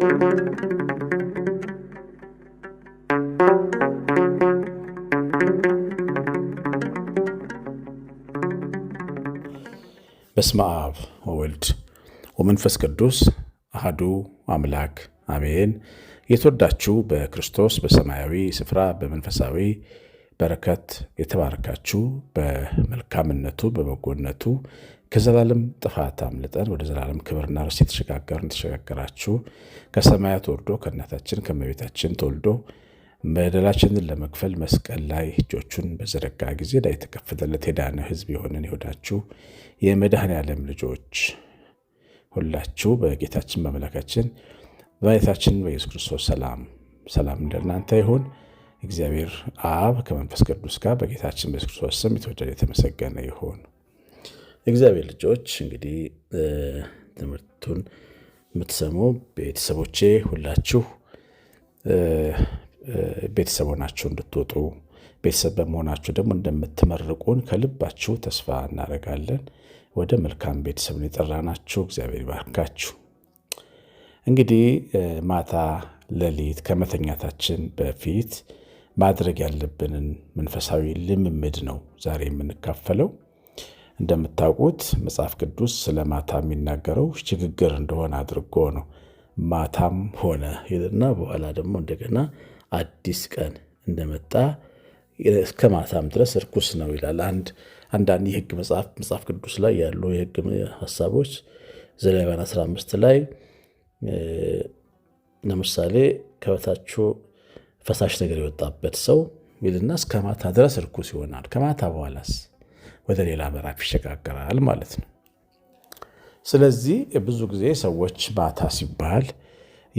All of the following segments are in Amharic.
በስመ አብ ወወልድ ወመንፈስ ቅዱስ አህዱ አምላክ አሜን። የተወዳችሁ በክርስቶስ በሰማያዊ ስፍራ በመንፈሳዊ በረከት የተባረካችሁ በመልካምነቱ በበጎነቱ ከዘላለም ጥፋት አምልጠን ወደ ዘላለም ክብርና ርስ የተሸጋገርን የተሸጋገራችሁ ከሰማያት ወርዶ ከእናታችን ከመቤታችን ተወልዶ በደላችንን ለመክፈል መስቀል ላይ እጆቹን በዘረጋ ጊዜ ላይ የተከፈለለት የዳነ ሕዝብ የሆንን የሆናችሁ የመድኃኔ ዓለም ልጆች ሁላችሁ በጌታችን በአምላካችን በጌታችን በኢየሱስ ክርስቶስ ሰላም ሰላም እንደናንተ ይሁን። እግዚአብሔር አብ ከመንፈስ ቅዱስ ጋር በጌታችን በኢየሱስ ክርስቶስ ስም የተወደደ የተመሰገነ ይሁን። እግዚአብሔር ልጆች እንግዲህ ትምህርቱን የምትሰሙ ቤተሰቦቼ ሁላችሁ ቤተሰብ ሆናችሁ እንድትወጡ ቤተሰብ በመሆናችሁ ደግሞ እንደምትመርቁን ከልባችሁ ተስፋ እናደርጋለን። ወደ መልካም ቤተሰብን የጠራናችሁ እግዚአብሔር ይባርካችሁ። እንግዲህ ማታ ሌሊት ከመተኛታችን በፊት ማድረግ ያለብንን መንፈሳዊ ልምምድ ነው ዛሬ የምንካፈለው። እንደምታውቁት መጽሐፍ ቅዱስ ስለ ማታ የሚናገረው ሽግግር እንደሆነ አድርጎ ነው። ማታም ሆነ ይልና በኋላ ደግሞ እንደገና አዲስ ቀን እንደመጣ እስከ ማታም ድረስ እርኩስ ነው ይላል። አንድ አንዳንድ የህግ መጽሐፍ መጽሐፍ ቅዱስ ላይ ያሉ የህግ ሀሳቦች ዘሌዋውያን 15 ላይ ለምሳሌ ከበታችሁ ፈሳሽ ነገር የወጣበት ሰው ይልና እስከ ማታ ድረስ እርኩስ ይሆናል። ከማታ በኋላስ ወደ ሌላ ምዕራፍ ይሸጋገራል ማለት ነው። ስለዚህ ብዙ ጊዜ ሰዎች ማታ ሲባል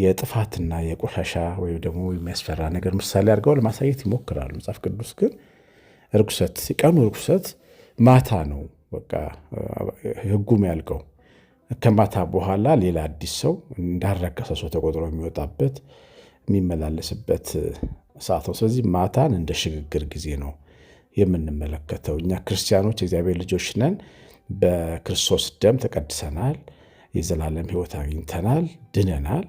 የጥፋትና የቆሻሻ ወይም ደግሞ የሚያስፈራ ነገር ምሳሌ አድርገው ለማሳየት ይሞክራሉ። መጽሐፍ ቅዱስ ግን እርኩሰት ቀኑ እርኩሰት ማታ ነው። በቃ ህጉም ያልቀው ከማታ በኋላ ሌላ አዲስ ሰው እንዳረከሰ ሰው ተቆጥሮ የሚወጣበት የሚመላለስበት ሰዓት ነው። ስለዚህ ማታን እንደ ሽግግር ጊዜ ነው የምንመለከተው። እኛ ክርስቲያኖች የእግዚአብሔር ልጆች ነን። በክርስቶስ ደም ተቀድሰናል። የዘላለም ሕይወት አግኝተናል፣ ድነናል።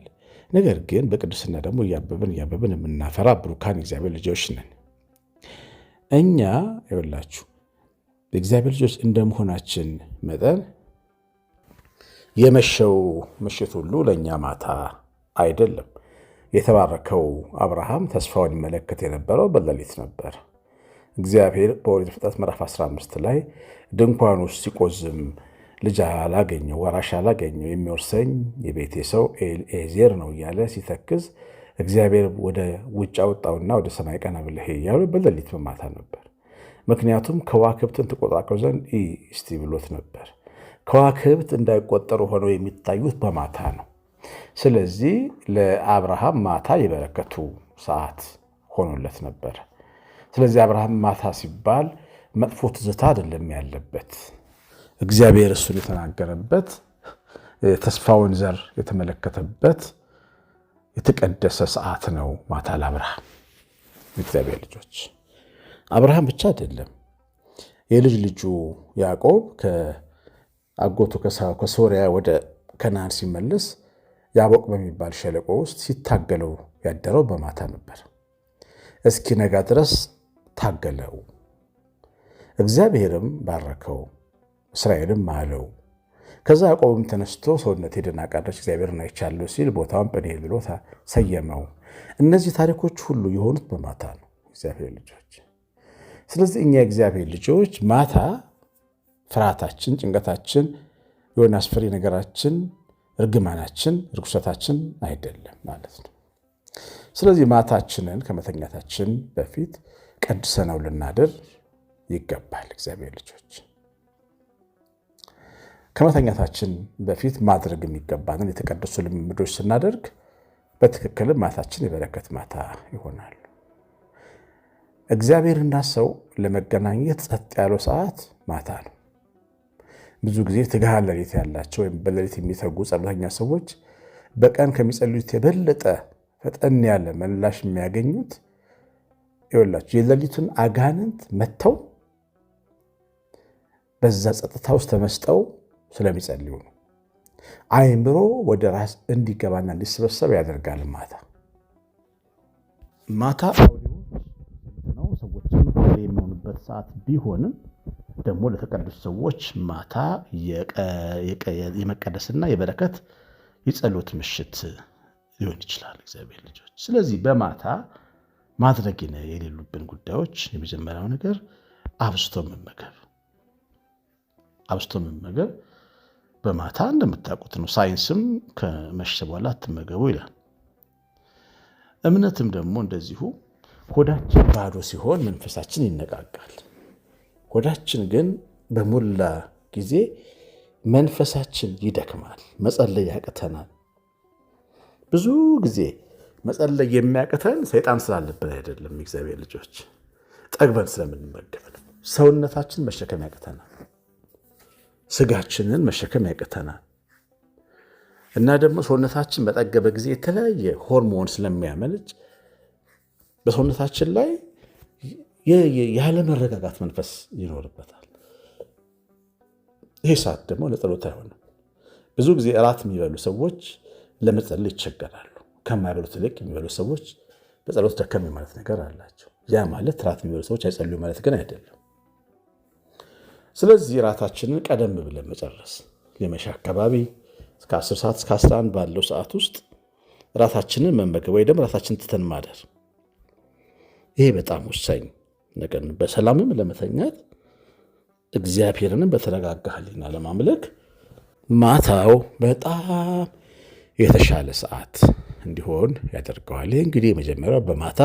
ነገር ግን በቅድስና ደግሞ እያበብን እያበብን የምናፈራ ብሩካን የእግዚአብሔር ልጆች ነን። እኛ ይኸውላችሁ የእግዚአብሔር ልጆች እንደመሆናችን መጠን የመሸው ምሽት ሁሉ ለእኛ ማታ አይደለም። የተባረከው አብርሃም ተስፋውን ይመለከት የነበረው በሌሊት ነበር። እግዚአብሔር በኦሪት ዘፍጥረት ምዕራፍ 15 ላይ ድንኳን ውስጥ ሲቆዝም ልጅ አላገኘው ወራሽ አላገኘው የሚወርሰኝ የቤቴ ሰው ኤዜር ነው እያለ ሲተክዝ እግዚአብሔር ወደ ውጭ አወጣውና ወደ ሰማይ ቀና ብለህ እያሉ በሌሊት በማታ ነበር። ምክንያቱም ከዋክብትን ትቆጣቀው ዘንድ እስቲ ብሎት ነበር። ከዋክብት እንዳይቆጠሩ ሆነው የሚታዩት በማታ ነው። ስለዚህ ለአብርሃም ማታ የበረከቱ ሰዓት ሆኖለት ነበር። ስለዚህ አብርሃም ማታ ሲባል መጥፎ ትዝታ አይደለም ያለበት እግዚአብሔር እሱን የተናገረበት ተስፋውን ዘር የተመለከተበት የተቀደሰ ሰዓት ነው ማታ ለአብርሃም። እግዚአብሔር ልጆች አብርሃም ብቻ አይደለም የልጅ ልጁ ያዕቆብ ከአጎቱ ከሶርያ ወደ ከነዓን ሲመለስ ያቦቅ በሚባል ሸለቆ ውስጥ ሲታገለው ያደረው በማታ ነበር። እስኪ ነጋ ድረስ ታገለው። እግዚአብሔርም ባረከው፣ እስራኤልም ማለው። ከዛ ያዕቆብም ተነስቶ ሰውነት ሄደና ቀረች፣ እግዚአብሔርን አይቻለሁ ሲል ቦታውን ጵኒኤል ብሎ ሰየመው። እነዚህ ታሪኮች ሁሉ የሆኑት በማታ ነው። እግዚአብሔር ልጆች፣ ስለዚህ እኛ የእግዚአብሔር ልጆች ማታ ፍርሃታችን፣ ጭንቀታችን፣ የሆነ አስፈሪ ነገራችን እርግማናችን ርኩሰታችን አይደለም ማለት ነው። ስለዚህ ማታችንን ከመተኛታችን በፊት ቀድሰነው ልናድር ይገባል። እግዚአብሔር ልጆች ከመተኛታችን በፊት ማድረግ የሚገባንን የተቀደሱ ልምምዶች ስናደርግ በትክክልም ማታችን የበረከት ማታ ይሆናል። እግዚአብሔርና ሰው ለመገናኘት ጸጥ ያለው ሰዓት ማታ ነው። ብዙ ጊዜ ትግሃ ለሌት ያላቸው ወይም በሌሊት የሚተጉ ጸሎተኛ ሰዎች በቀን ከሚጸልዩት የበለጠ ፈጠን ያለ መላሽ የሚያገኙት ይወላቸው የሌሊቱን አጋንንት መጥተው በዛ ጸጥታ ውስጥ ተመስጠው ስለሚጸልዩ ነው። አይምሮ ወደ ራስ እንዲገባና እንዲሰበሰብ ያደርጋል። ማታ ማታ ነው ሰዎች የሚሆንበት ሰዓት ቢሆንም ደግሞ ለተቀደሱ ሰዎች ማታ የመቀደስና የበረከት የጸሎት ምሽት ሊሆን ይችላል። እግዚአብሔር ልጆች፣ ስለዚህ በማታ ማድረግ የሌሉብን ጉዳዮች የመጀመሪያው ነገር አብስቶ መመገብ፣ አብስቶ መመገብ በማታ እንደምታውቁት ነው። ሳይንስም ከመሸ በኋላ አትመገቡ ይላል። እምነትም ደግሞ እንደዚሁ ሆዳችን ባዶ ሲሆን መንፈሳችን ይነቃቃል። ሆዳችን ግን በሞላ ጊዜ መንፈሳችን ይደክማል፣ መጸለይ ያቅተናል። ብዙ ጊዜ መጸለይ የሚያቅተን ሰይጣን ስላለብን አይደለም፣ እግዚአብሔር ልጆች ጠግበን ስለምንመገብ ነው። ሰውነታችን መሸከም ያቅተናል፣ ስጋችንን መሸከም ያቅተናል። እና ደግሞ ሰውነታችን በጠገበ ጊዜ የተለያየ ሆርሞን ስለሚያመነጭ በሰውነታችን ላይ ያለመረጋጋት መንፈስ ይኖርበታል። ይህ ሰዓት ደግሞ ለጸሎት አይሆንም። ብዙ ጊዜ እራት የሚበሉ ሰዎች ለመጸለይ ይቸገራሉ። ከማይበሉት ይልቅ የሚበሉ ሰዎች በጸሎት ደከም ማለት ነገር አላቸው። ያ ማለት እራት የሚበሉ ሰዎች አይጸልዩ ማለት ግን አይደለም። ስለዚህ እራታችንን ቀደም ብለን መጨረስ የመሻ አካባቢ እስከ 10 ሰዓት እስከ 11 ባለው ሰዓት ውስጥ እራታችንን መመገብ ወይ ደግሞ ራታችንን ትተን ማደር ይሄ በጣም ወሳኝ ነገር ነው። በሰላምም ለመተኛት እግዚአብሔርንም በተረጋጋ ህሊና ለማምለክ ማታው በጣም የተሻለ ሰዓት እንዲሆን ያደርገዋል። ይህ እንግዲህ የመጀመሪያው በማታ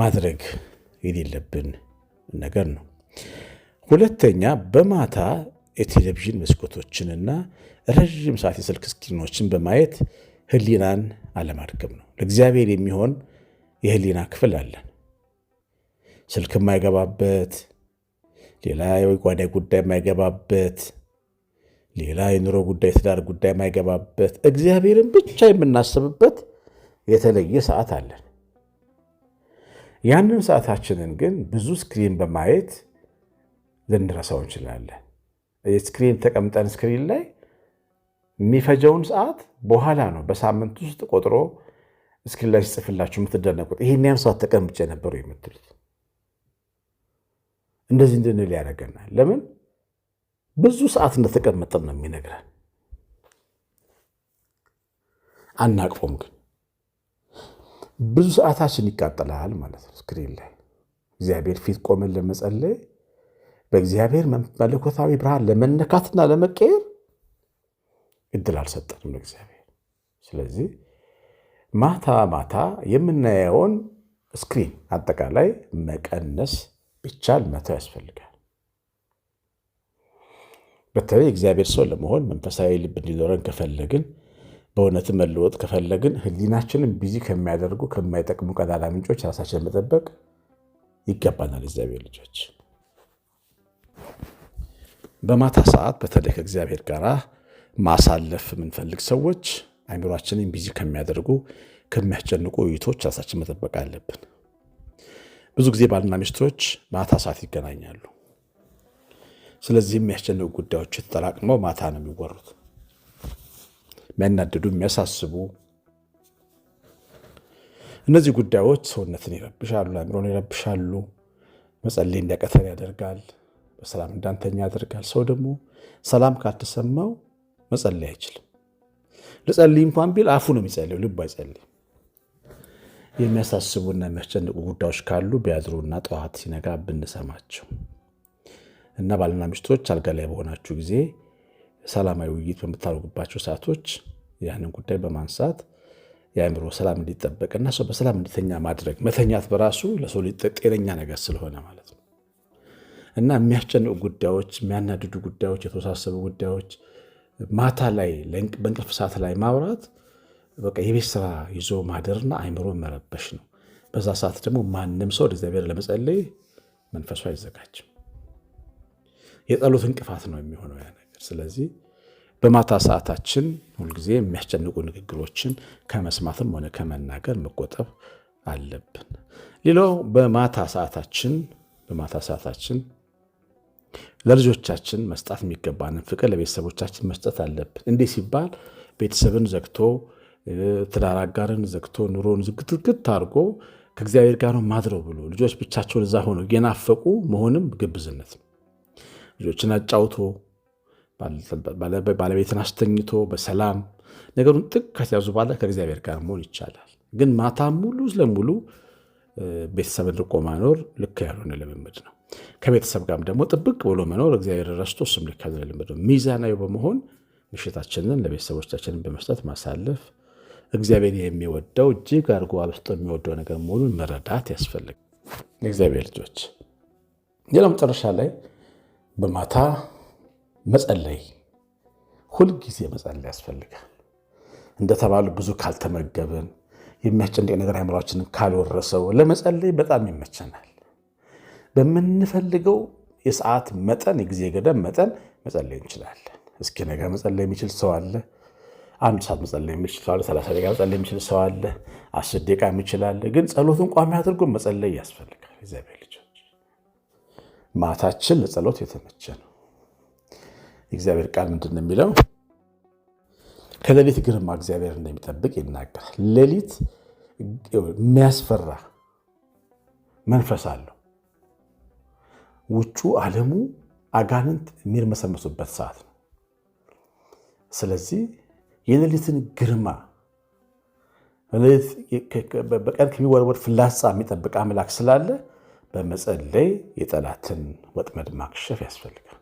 ማድረግ የሌለብን ነገር ነው። ሁለተኛ በማታ የቴሌቪዥን መስኮቶችንና ረዥም ሰዓት የስልክ ስክሪኖችን በማየት ህሊናን አለማድከም ነው። ለእግዚአብሔር የሚሆን የህሊና ክፍል አለን። ስልክ የማይገባበት ሌላ የጓዳ ጉዳይ የማይገባበት ሌላ የኑሮ ጉዳይ የትዳር ጉዳይ የማይገባበት እግዚአብሔርን ብቻ የምናስብበት የተለየ ሰዓት አለን። ያንን ሰዓታችንን ግን ብዙ ስክሪን በማየት ልንረሳው እንችላለን። ስክሪን ተቀምጠን ስክሪን ላይ የሚፈጀውን ሰዓት በኋላ ነው በሳምንት ውስጥ ቆጥሮ እስክሪን ላይ ሲጽፍላችሁ የምትደነቁት ይሄን ያን ሰዓት ተቀምጬ ነበሩ የምትሉት እንደዚህ እንድንል ያደረገናል። ለምን ብዙ ሰዓት እንደተቀመጠን ነው የሚነግረን። አናቅፎም ግን ብዙ ሰዓታችን ይቃጠላል ማለት ነው። ስክሪን ላይ እግዚአብሔር ፊት ቆመን ለመጸለይ በእግዚአብሔር መለኮታዊ ብርሃን ለመነካትና ለመቀየር እድል አልሰጠንም እግዚአብሔር። ስለዚህ ማታ ማታ የምናየውን ስክሪን አጠቃላይ መቀነስ ቢቻል መተው ያስፈልጋል። በተለይ እግዚአብሔር ሰው ለመሆን መንፈሳዊ ልብ እንዲኖረን ከፈለግን በእውነትም መለወጥ ከፈለግን ህሊናችንን ቢዚ ከሚያደርጉ ከማይጠቅሙ ቀዳዳ ምንጮች ራሳችን መጠበቅ ይገባናል። እግዚአብሔር ልጆች በማታ ሰዓት በተለይ ከእግዚአብሔር ጋር ማሳለፍ የምንፈልግ ሰዎች አይምሯችንን ቢዚ ከሚያደርጉ ከሚያስጨንቁ ውይይቶች ራሳችን መጠበቅ አለብን። ብዙ ጊዜ ባልና ሚስቶች ማታ ሰዓት ይገናኛሉ። ስለዚህ የሚያስጨንቁ ጉዳዮች ተጠራቅመው ማታ ነው የሚወሩት። የሚያናድዱ፣ የሚያሳስቡ እነዚህ ጉዳዮች ሰውነትን ይረብሻሉ፣ አእምሮን ይረብሻሉ። መጸሌ እንዲያቀተን ያደርጋል። በሰላም እንዳንተኛ ያደርጋል። ሰው ደግሞ ሰላም ካልተሰማው መጸለይ አይችልም። ልጸልይ እንኳን ቢል አፉ ነው የሚጸልየው፣ ልቡ አይጸልይም። የሚያሳስቡና የሚያስጨንቁ ጉዳዮች ካሉ ቢያድሩና ጠዋት ሲነጋ ብንሰማቸው እና ባልና ሚስቶች አልጋ ላይ በሆናችሁ ጊዜ ሰላማዊ ውይይት በምታደርጉባቸው ሰዓቶች ያንን ጉዳይ በማንሳት የአእምሮ ሰላም እንዲጠበቅና ሰው በሰላም እንዲተኛ ማድረግ መተኛት በራሱ ለሰው ጤነኛ ነገር ስለሆነ ማለት ነው እና የሚያስጨንቁ ጉዳዮች፣ የሚያናድዱ ጉዳዮች፣ የተወሳሰቡ ጉዳዮች ማታ ላይ በእንቅልፍ ሰዓት ላይ ማውራት በቃ የቤት ስራ ይዞ ማደርና አይምሮ መረበሽ ነው። በዛ ሰዓት ደግሞ ማንም ሰው ወደ እግዚአብሔር ለመጸለይ መንፈሱ አይዘጋጅም። የጸሎት እንቅፋት ነው የሚሆነው ያ ነገር። ስለዚህ በማታ ሰዓታችን ሁልጊዜ የሚያስጨንቁ ንግግሮችን ከመስማትም ሆነ ከመናገር መቆጠብ አለብን። ሌላው በማታ ሰዓታችን በማታ ሰዓታችን ለልጆቻችን መስጣት የሚገባንን ፍቅር ለቤተሰቦቻችን መስጠት አለብን። እንዲህ ሲባል ቤተሰብን ዘግቶ ትዳር አጋርን ዘግቶ ኑሮን ዝግትግት አድርጎ ከእግዚአብሔር ጋር ማድረው ብሎ ልጆች ብቻቸውን እዛ ሆነው የናፈቁ መሆንም ግብዝነት ነው። ልጆችን አጫውቶ ባለቤትን አስተኝቶ በሰላም ነገሩን ጥቅ ከተያዙ በኋላ ከእግዚአብሔር ጋር መሆን ይቻላል። ግን ማታ ሙሉ ስለሙሉ ቤተሰብን ርቆ ማኖር ልክ ያልሆነ ልምምድ ነው። ከቤተሰብ ጋርም ደግሞ ጥብቅ ብሎ መኖር እግዚአብሔር ረስቶ ስም ልክ ያልሆነ ልምምድ ነው። ሚዛናዊ በመሆን ምሽታችንን ለቤተሰቦቻችንን በመስጠት ማሳለፍ እግዚአብሔር የሚወደው እጅግ አድርጎ አብስቶ የሚወደው ነገር መሆኑን መረዳት ያስፈልግ እግዚአብሔር ልጆች። ሌላ መጨረሻ ላይ በማታ መጸለይ፣ ሁልጊዜ መጸለይ ያስፈልጋል። እንደተባሉ ብዙ ካልተመገብን የሚያስጨንቅ ነገር አእምሯችንን ካልወረሰው ለመጸለይ በጣም ይመቸናል። በምንፈልገው የሰዓት መጠን የጊዜ ገደብ መጠን መጸለይ እንችላለን። እስኪ ነገ መጸለይ የሚችል ሰው አለ። አንድ ሰዓት መጸለይ የሚችል ሰው አለ። ሰላሳ ደቂቃ መጸለይ የሚችል ሰው አለ። አስር ደቂቃ የሚችል አለ። ግን ጸሎቱን ቋሚ አድርጎ መጸለይ ያስፈልጋል። እግዚአብሔር ልጆች ማታችን ለጸሎት የተመቸ ነው። እግዚአብሔር ቃል ምንድን ነው የሚለው? ከሌሊት ግርማ እግዚአብሔር እንደሚጠብቅ ይናገራል። ሌሊት የሚያስፈራ መንፈስ አለው። ውጩ ዓለሙ አጋንንት የሚርመሰመሱበት ሰዓት ነው። ስለዚህ የሌሊትን ግርማ በቀን ከሚወርወር ፍላጻ የሚጠብቅ አምላክ ስላለ በመጸለይ የጠላትን ወጥመድ ማክሸፍ ያስፈልጋል።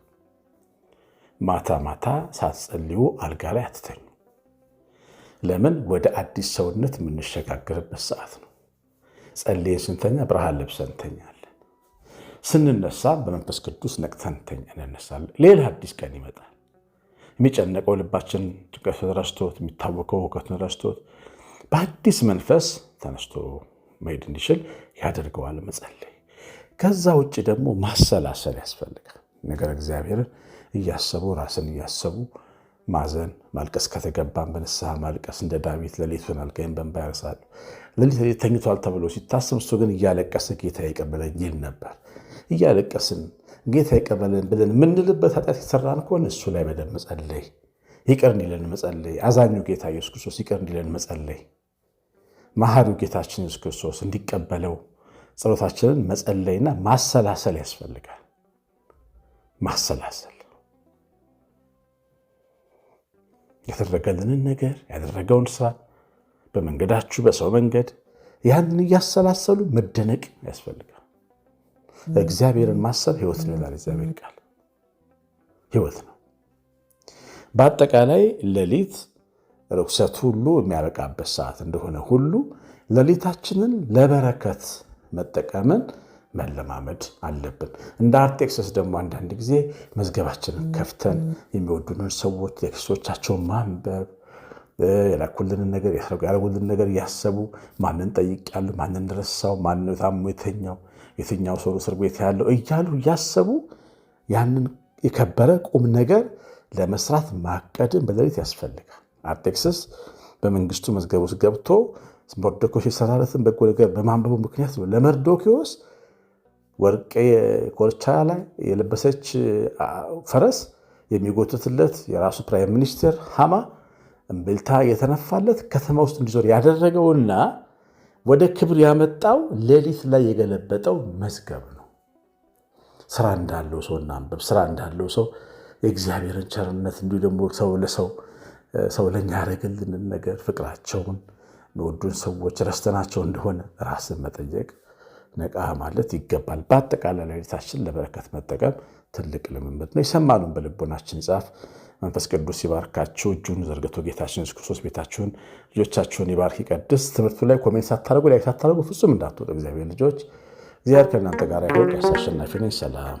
ማታ ማታ ሳትጸልዩ አልጋ ላይ አትተኙ። ለምን? ወደ አዲስ ሰውነት የምንሸጋገርበት ሰዓት ነው። ጸልየን ስንተኛ ብርሃን ለብሰን እንተኛለን። ስንነሳ በመንፈስ ቅዱስ ነቅተን እንነሳለን። ሌላ አዲስ ቀን ይመጣል። የሚጨነቀው ልባችን ጭንቀትን ረስቶት የሚታወቀው እውቀትን ረስቶት በአዲስ መንፈስ ተነስቶ መሄድ እንዲችል ያደርገዋል መጸለይ። ከዛ ውጭ ደግሞ ማሰላሰል ያስፈልጋል። ነገር እግዚአብሔርን እያሰቡ ራስን እያሰቡ ማዘን ማልቀስ ከተገባን በንስሐ ማልቀስ እንደ ዳዊት ሌሊቱን አልጋዬን በእንባ ያርሳለሁ። ሌሊት ተኝቷል ተብሎ ሲታሰብ እሱ ግን እያለቀሰ ጌታ ይቀበለኝ ይል ነበር። እያለቀስን ጌታ ይቀበልን ብለን የምንልበት ኃጢአት የሰራን ከሆነ እሱ ላይ በደንብ መጸለይ፣ ይቅር እንዲለን መጸለይ፣ አዛኙ ጌታ ኢየሱስ ክርስቶስ ይቅር እንዲለን መጸለይ፣ መሐሪው ጌታችን ኢየሱስ ክርስቶስ እንዲቀበለው ጸሎታችንን መጸለይና ማሰላሰል ያስፈልጋል። ማሰላሰል ያደረገልንን ነገር ያደረገውን ስራ በመንገዳችሁ በሰው መንገድ ያንን እያሰላሰሉ መደነቅ ያስፈልጋል። እግዚአብሔርን ማሰብ ህይወት ነው ይላል እግዚአብሔር ቃል። ህይወት ነው። በአጠቃላይ ሌሊት ርኩሰት ሁሉ የሚያበቃበት ሰዓት እንደሆነ ሁሉ ሌሊታችንን ለበረከት መጠቀምን መለማመድ አለብን። እንደ አርጤክስስ ደግሞ አንዳንድ ጊዜ መዝገባችንን ከፍተን የሚወዱንን ሰዎች ቴክስቶቻቸውን ማንበብ የላኩልንን ነገር ያደረጉልን ነገር እያሰቡ ማንን ጠይቅ ጠይቄያለሁ፣ ማንን ረሳው፣ ማን ታሞ የተኛው የትኛው ሰው እስር ቤት ያለው እያሉ እያሰቡ ያንን የከበረ ቁም ነገር ለመስራት ማቀድን በሌሊት ያስፈልጋል። አርጤክስስ በመንግስቱ መዝገብ ውስጥ ገብቶ መርዶኪዎስ የሰራለትን በጎ ነገር በማንበቡ ምክንያት ነው። ለመርዶኪዎስ ወርቅ ኮርቻ ላይ የለበሰች ፈረስ የሚጎትትለት የራሱ ፕራይም ሚኒስትር ሐማ እምብልታ የተነፋለት ከተማ ውስጥ እንዲዞር ያደረገውና ወደ ክብር ያመጣው ሌሊት ላይ የገለበጠው መዝገብ ነው። ስራ እንዳለው ሰው እናንብብ። ስራ እንዳለው ሰው የእግዚአብሔርን ቸርነት እንዲሁ ደግሞ ሰው ለሰው ሰው ለእኛ ያደረግልንን ነገር ፍቅራቸውን፣ የሚወዱን ሰዎች ረስተናቸው እንደሆነ ራስን መጠየቅ ነቃ ማለት ይገባል። በአጠቃላይ ሌሊታችን ለበረከት መጠቀም ትልቅ ልምምድ ነው። የሰማሉን በልቦናችን ጻፍ። መንፈስ ቅዱስ ይባርካችሁ። እጁን ዘርግቶ ጌታችን ኢየሱስ ክርስቶስ ቤታችሁን፣ ልጆቻችሁን ይባርክ ይቀድስ። ትምህርቱ ላይ ኮሜንት ሳታደርጉ ላይ ሳታደርጉ ፍጹም እንዳትወጡ እግዚአብሔር ልጆች። እግዚአብሔር ከእናንተ ጋር ይሁን። ቀሲስ አሸናፊ ነኝ። ሰላም